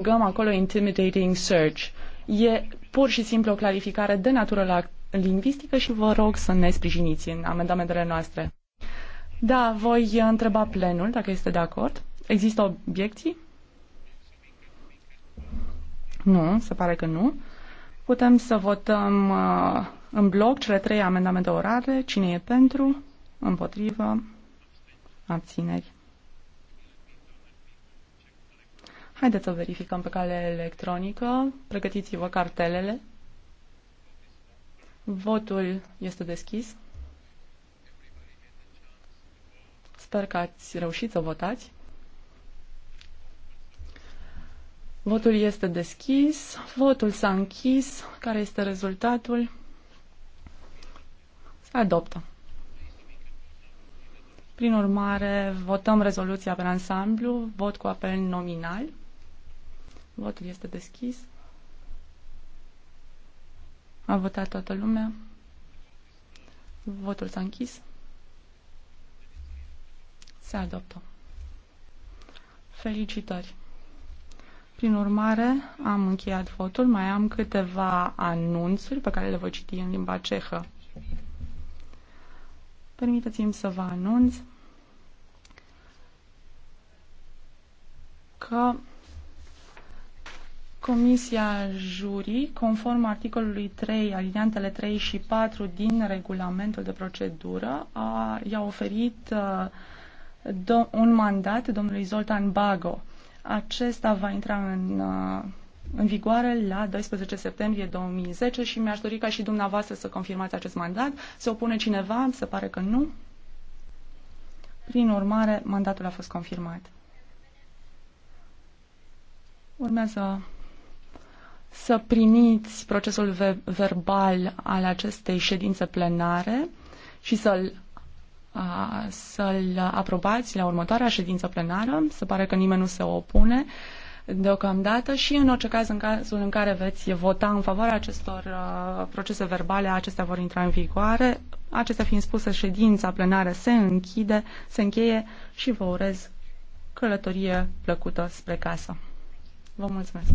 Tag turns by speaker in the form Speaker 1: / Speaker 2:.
Speaker 1: adăugăm acolo intimidating search. E pur și simplu o clarificare de natură la lingvistică și vă rog să ne sprijiniți în amendamentele noastre. Da, voi întreba plenul dacă este de acord. Există obiecții? Nu, se pare că nu. Putem să votăm uh, în bloc cele trei amendamente orale. Cine e pentru? Împotrivă? Abțineri? Haideți să verificăm pe cale electronică. Pregătiți-vă cartelele. Votul este deschis. Sper că ați reușit să votați. Votul este deschis, votul s-a închis. Care este rezultatul? Se adoptă. Prin urmare, votăm rezoluția pe ansamblu, vot cu apel nominal. Votul este deschis. A votat toată lumea. Votul s-a închis. Se adoptă. Felicitări! Prin urmare, am încheiat votul. Mai am câteva anunțuri pe care le voi citi în limba cehă. Permiteți-mi să vă anunț că Comisia Jurii, conform articolului 3, alineantele 3 și 4 din regulamentul de procedură, a, i-a oferit uh, do, un mandat domnului Zoltan Bago. Acesta va intra în, uh, în vigoare la 12 septembrie 2010 și mi-aș dori ca și dumneavoastră să confirmați acest mandat. Se opune cineva? Se pare că nu. Prin urmare, mandatul a fost confirmat. Urmează să primiți procesul ve- verbal al acestei ședințe plenare și să-l să-l aprobați la următoarea ședință plenară. Se pare că nimeni nu se opune deocamdată și în orice caz, în cazul în care veți vota în favoarea acestor uh, procese verbale, acestea vor intra în vigoare. Acestea fiind spuse, ședința plenară se închide, se încheie și vă urez călătorie plăcută spre casă. Vă mulțumesc!